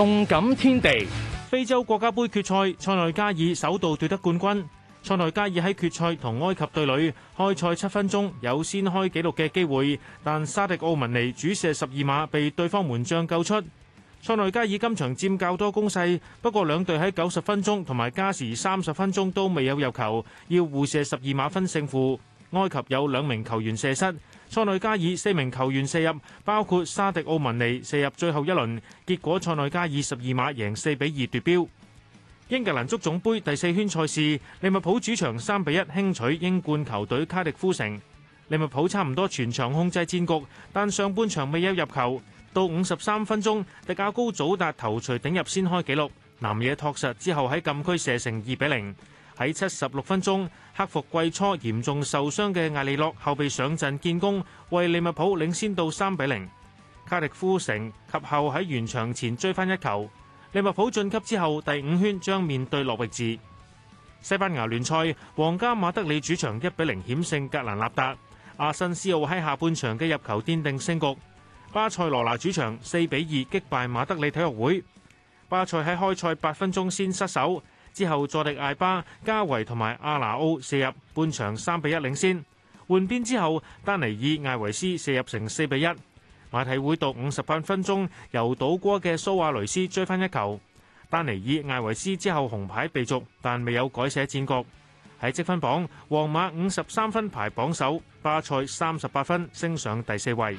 動感天地，非洲國家杯決賽，塞內加爾首度奪得冠軍。塞內加爾喺決賽同埃及隊里開賽七分鐘，有先開紀錄嘅機會，但沙迪奧文尼主射十二碼被對方門將救出。塞內加爾今場佔較多攻勢，不過兩隊喺九十分鐘同埋加時三十分鐘都未有入球，要互射十二碼分勝負。埃及有兩名球員射失，塞內加爾四名球員射入，包括沙迪奧文尼射入最後一輪，結果塞內加爾十二碼贏四比二奪標。英格蘭足總杯第四圈賽事，利物浦主場三比一輕取英冠球隊卡迪夫城，利物浦差唔多全場控制戰局，但上半場未有入球。到五十三分鐘，迪亞高祖達頭槌頂入先開紀錄，南野拓實之後喺禁區射成二比零。喺七十六分鐘，克服季初嚴重受傷嘅艾利洛後備上陣建功，為利物浦領先到三比零。卡迪夫城及後喺完場前追翻一球，利物浦晉級之後第五圈將面對諾域治。西班牙聯賽，皇家馬德里主場一比零險勝格蘭納達，阿申斯奧喺下半場嘅入球奠定勝局。巴塞羅那主場四比二擊敗馬德里體育會，巴塞喺開賽八分鐘先失守。之後，佐迪艾巴、加維同埋阿拿奧射入，半場三比一領先。換邊之後，丹尼爾艾維斯射入成四比一。馬體會到五十八分鐘，由倒戈嘅蘇亞雷斯追翻一球。丹尼爾艾維斯之後紅牌被逐，但未有改寫戰局。喺積分榜，皇馬五十三分排榜首，巴塞三十八分升上第四位。